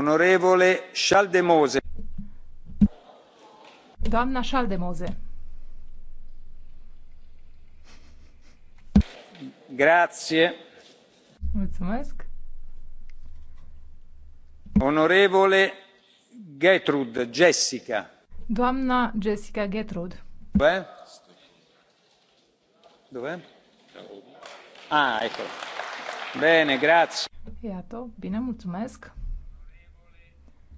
Onorevole Schaldemose. Doamna Schaldemose. Grazie. Mulțumesc. Onorevole Gertrud Jessica. Doamna Jessica Gertrud. Dov'è? Dov'è? Ah, ecco. Bene, grazie. Iată, bine, mulțumesc.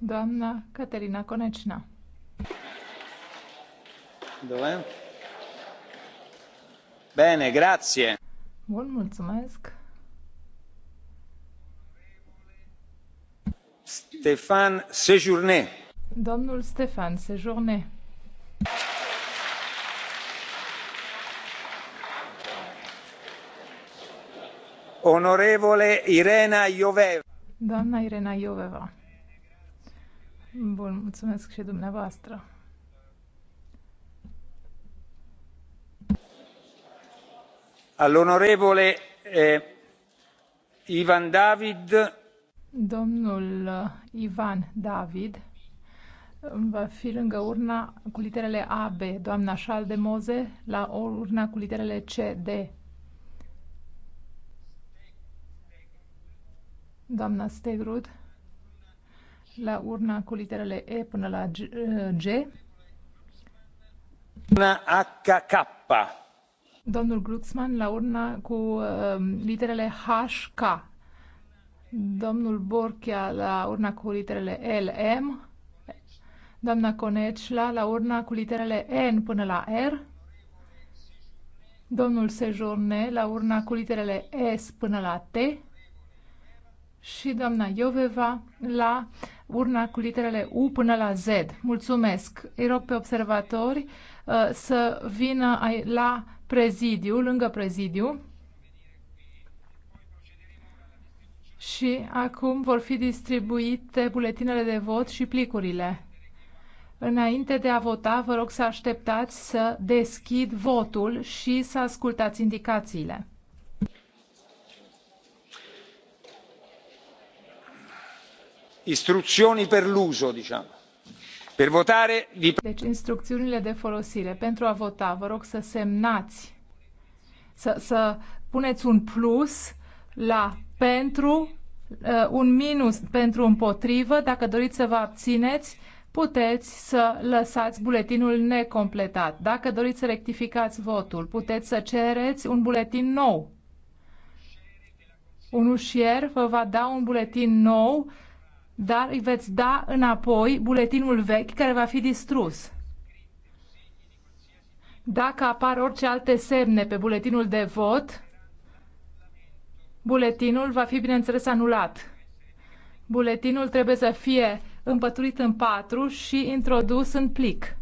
Doamna Caterina Conecina. Dov'è? Bene, grazie. Bun, mulțumesc. Stefan Sejourné. Domnul Stefan Sejourné. Onorevole Irena Ioveva. Doamna Irena Ioveva. Bun, mulțumesc și dumneavoastră. All'onorevole eh, Ivan David. Domnul eh, Ivan David mm, va fi lângă urna cu literele A, B, doamna Șal Moze, la o urna cu literele C, D. Doamna Stegrud la urna cu literele E până la G. G. HK. Domnul Glucksmann la urna cu uh, literele HK. Domnul Borchia la urna cu literele LM. Doamna Conecla la urna cu literele N până la R. Domnul Sejourne la urna cu literele S până la T și doamna Ioveva la urna cu literele U până la Z. Mulțumesc! Îi rog pe observatori uh, să vină la prezidiu, lângă prezidiu. Și acum vor fi distribuite buletinele de vot și plicurile. Înainte de a vota, vă rog să așteptați să deschid votul și să ascultați indicațiile. Instrucțiuni per l'uso diciamo per votare vi... deci instrucțiunile de folosire pentru a vota vă rog să semnați să, să puneți un plus la pentru uh, un minus pentru împotrivă dacă doriți să vă abțineți puteți să lăsați buletinul necompletat. Dacă doriți să rectificați votul, puteți să cereți un buletin nou. Un ușier vă va da un buletin nou dar îi veți da înapoi buletinul vechi care va fi distrus. Dacă apar orice alte semne pe buletinul de vot, buletinul va fi, bineînțeles, anulat. Buletinul trebuie să fie împăturit în patru și introdus în plic.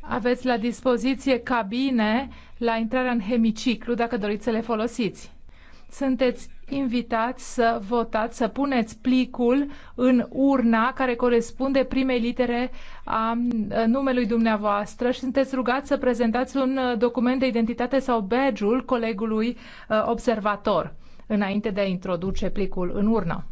Aveți la dispoziție cabine la intrarea în hemiciclu, dacă doriți să le folosiți. Sunteți invitați să votați, să puneți plicul în urna care corespunde primei litere a numelui dumneavoastră și sunteți rugați să prezentați un document de identitate sau badge-ul colegului observator înainte de a introduce plicul în urnă.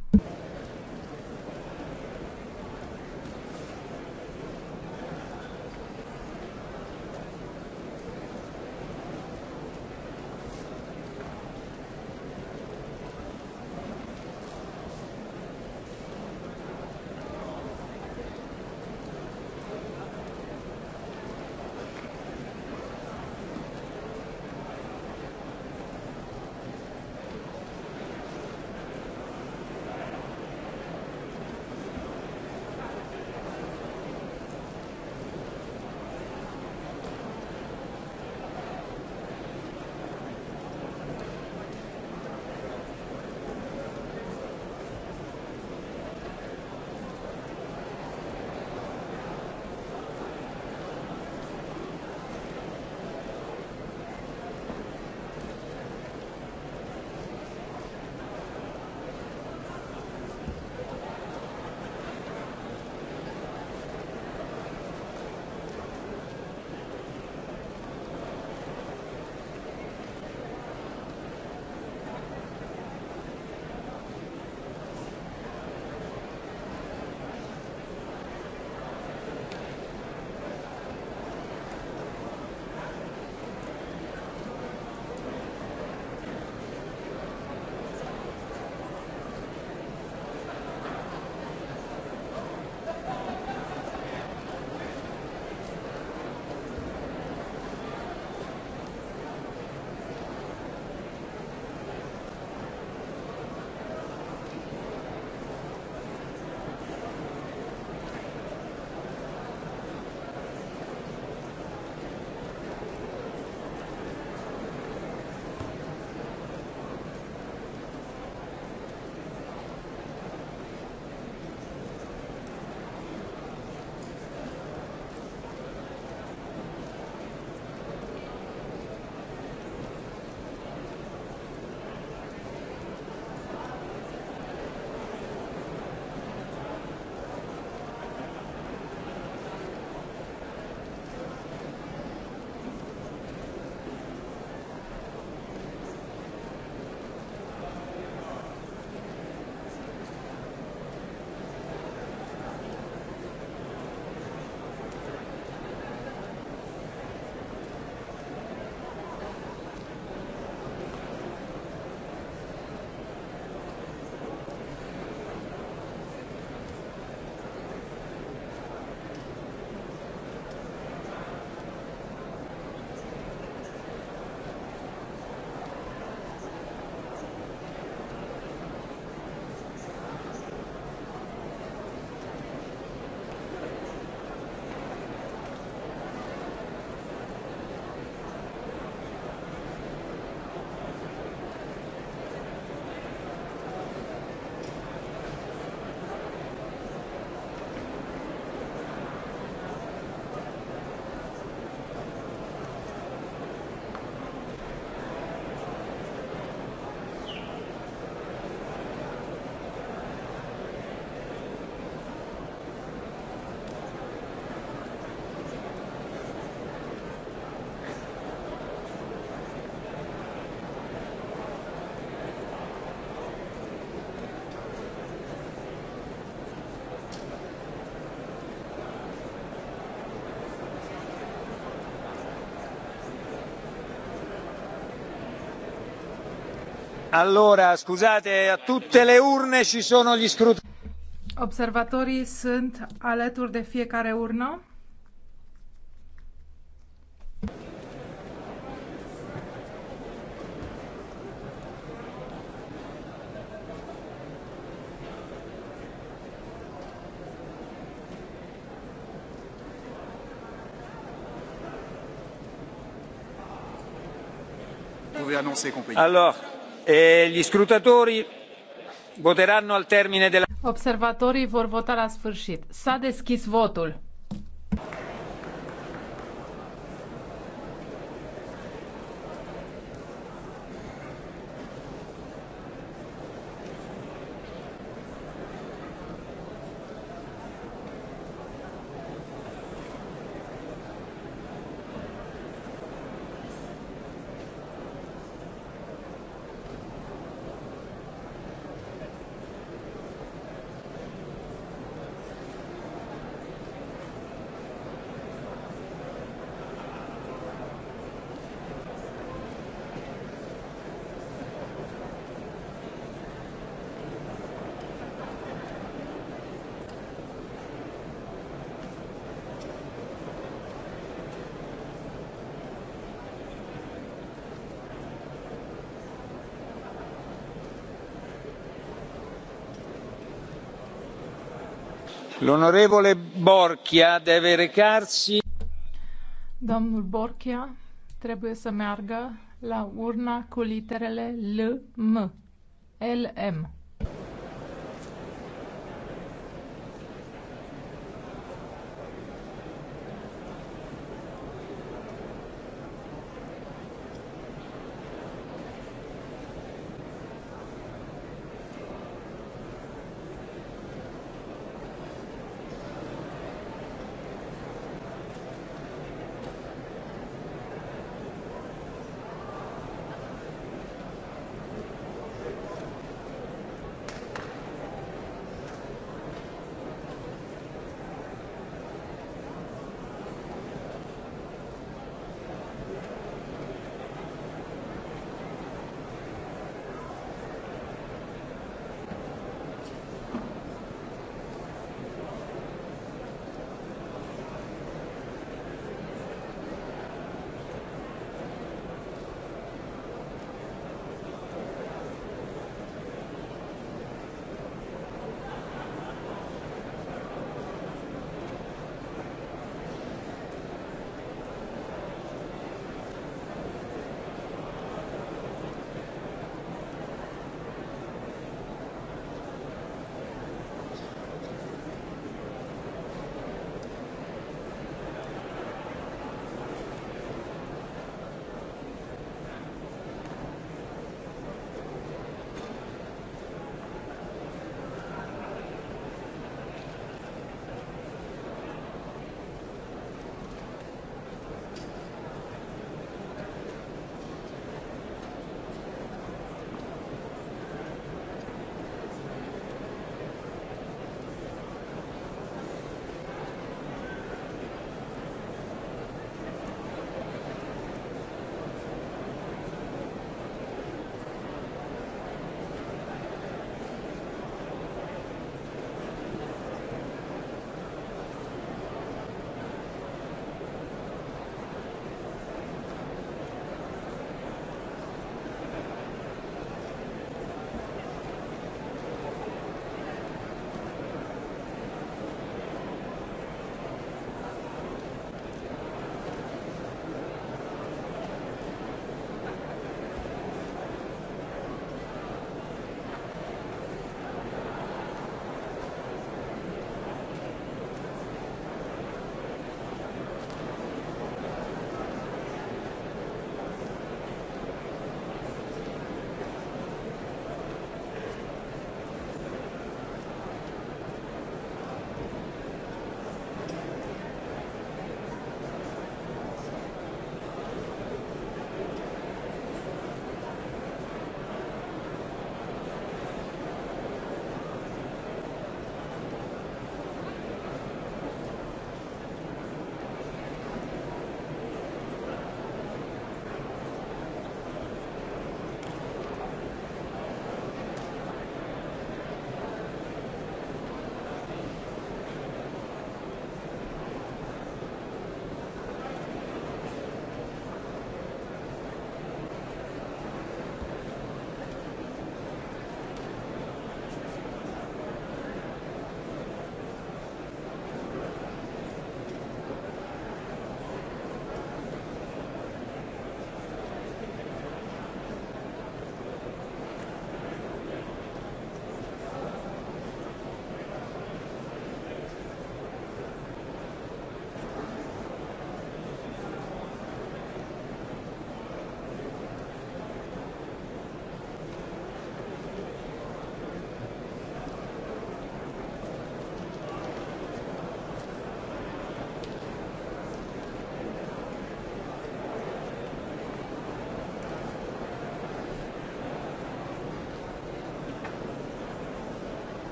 Allora, scuzate, a tutte le urne ci sono gli scrutini. Observatorii sunt alături de fiecare urnă. Vous pouvez annoncer qu'on gli scrutatori voteranno al termine della... Observatorii vor vota la sfârșit. S-a deschis votul. L'onorevole Borchia deve recarsi. Domnul Borchia trebuie să meargă la urna cu literele L-M. L-M.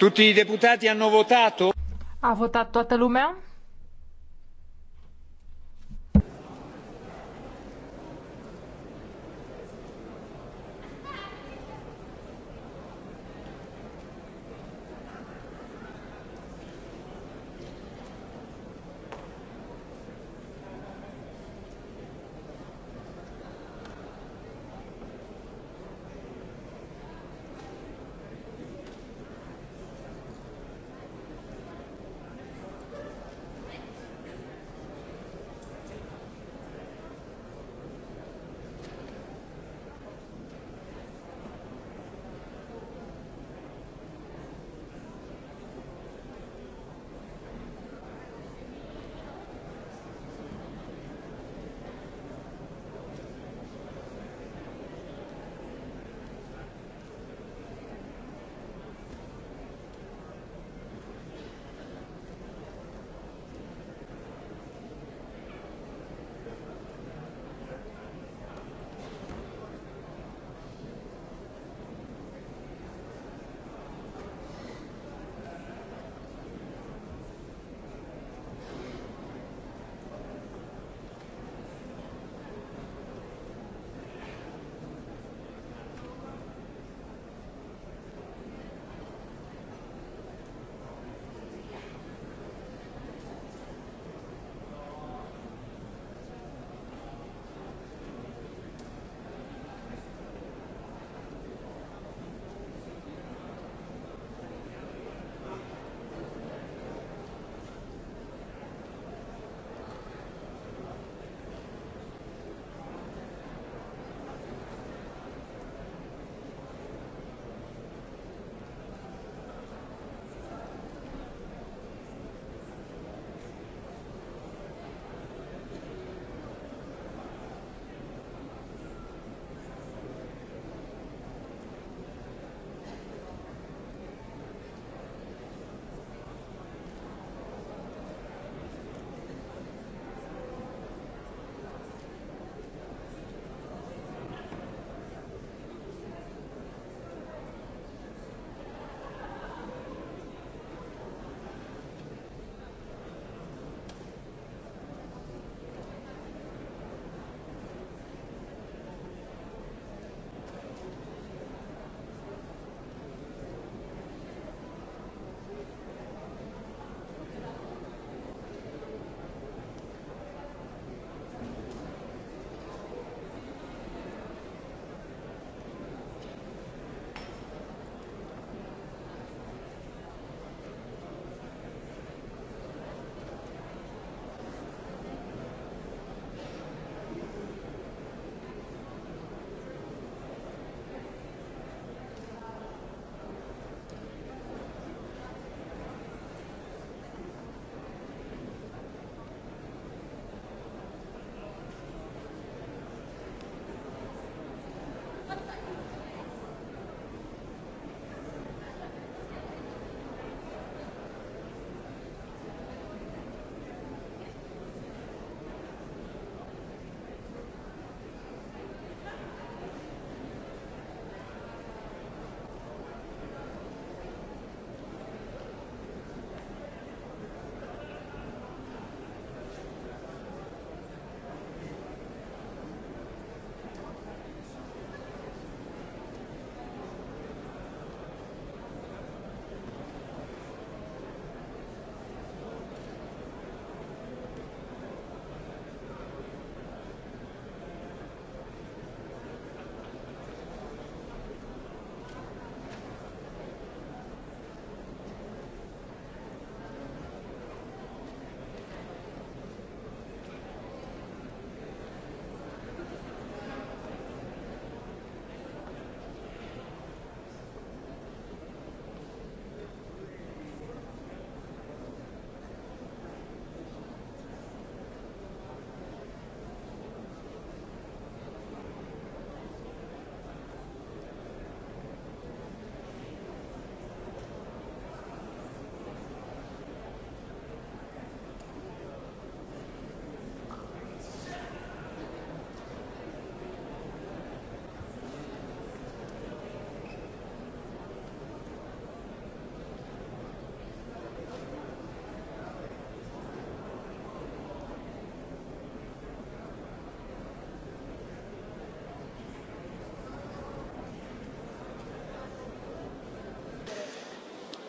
Tutti i deputati hanno votato? A votat toată lumea?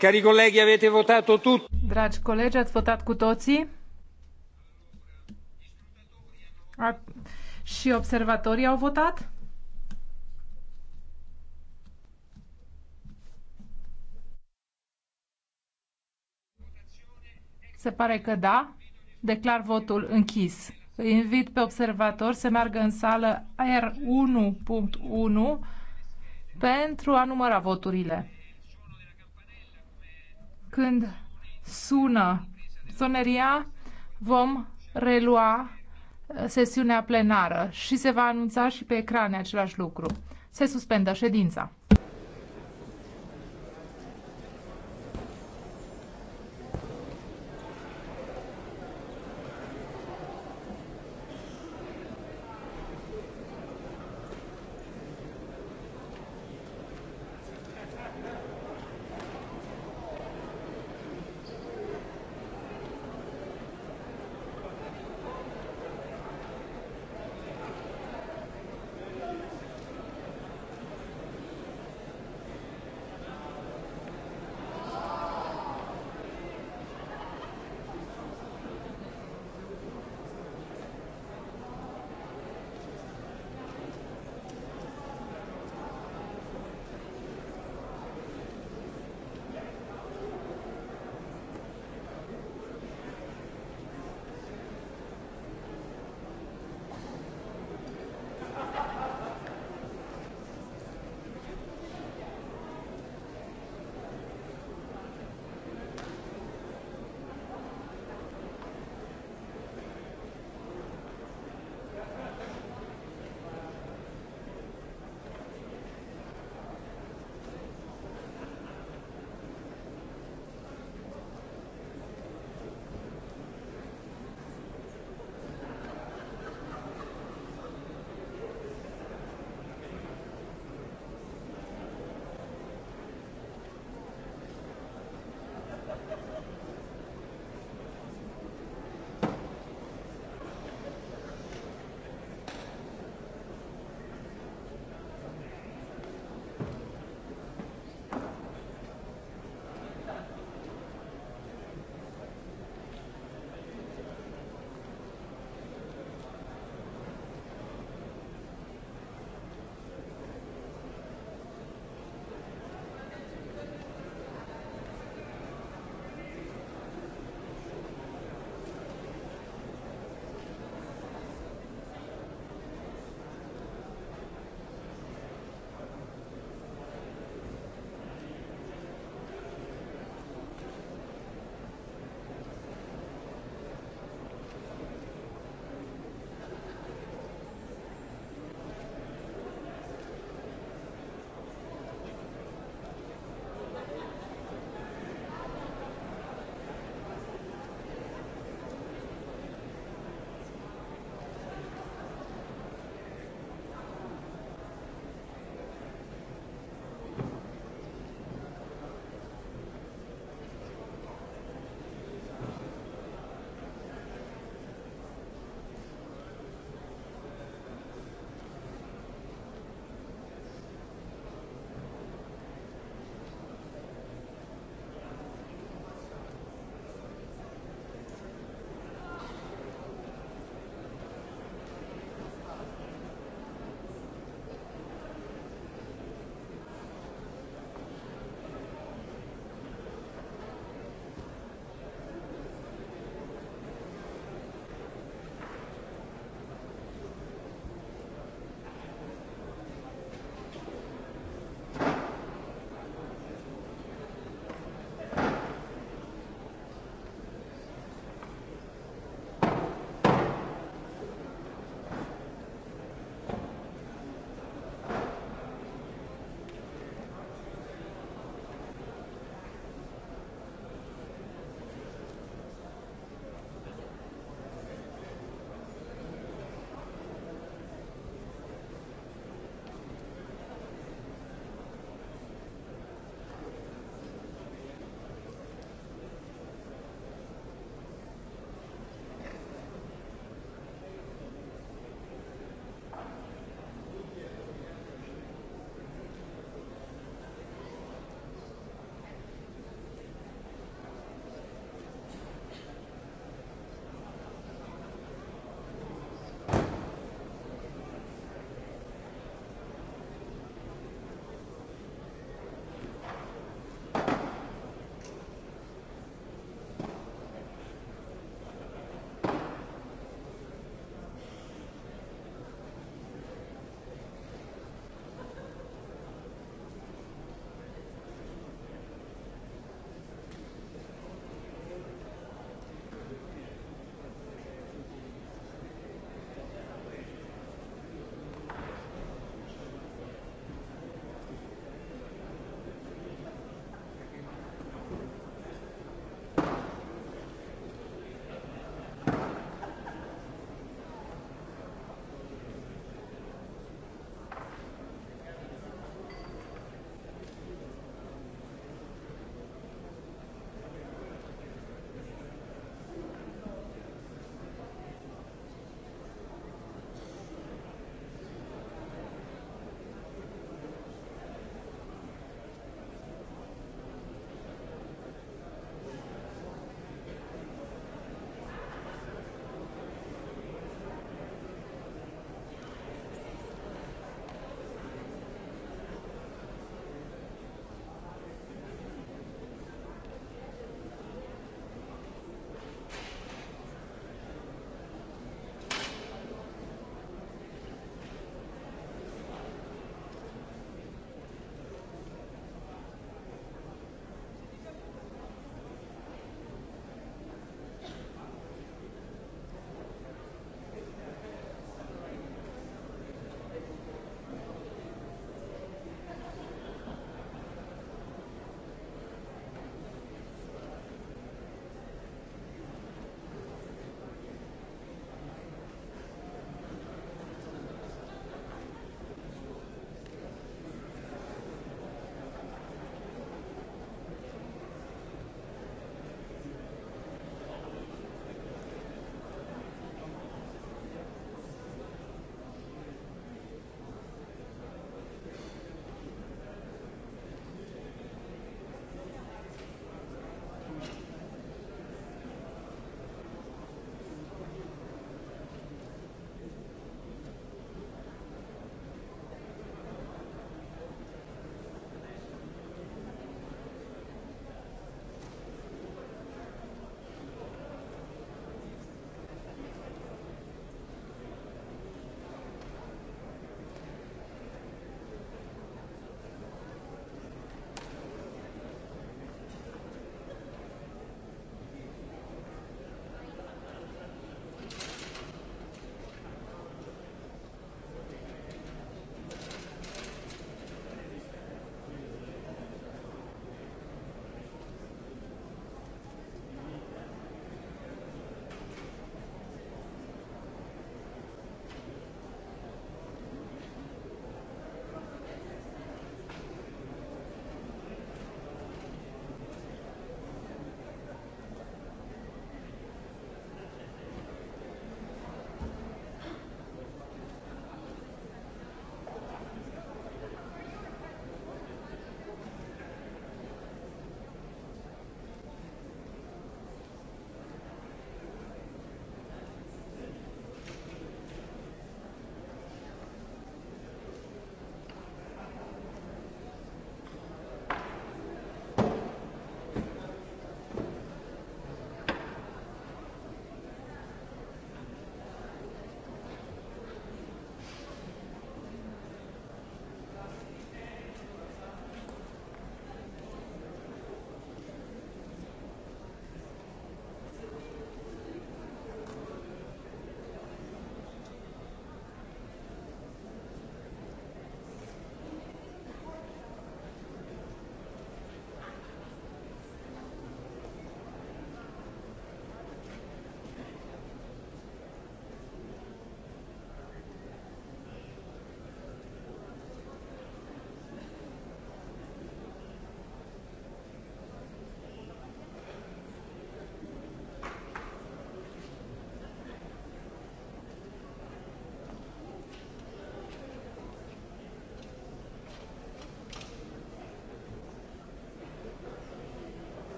Cari colleghi, avete votato tutti. Dragi colegi, ați votat cu toții? A... Și observatorii au votat? Se pare că da. Declar votul închis. Îi invit pe observator să meargă în sală R1.1 pentru a număra voturile când sună soneria, vom relua uh, sesiunea plenară și se va anunța și pe ecrane același lucru. Se suspendă ședința.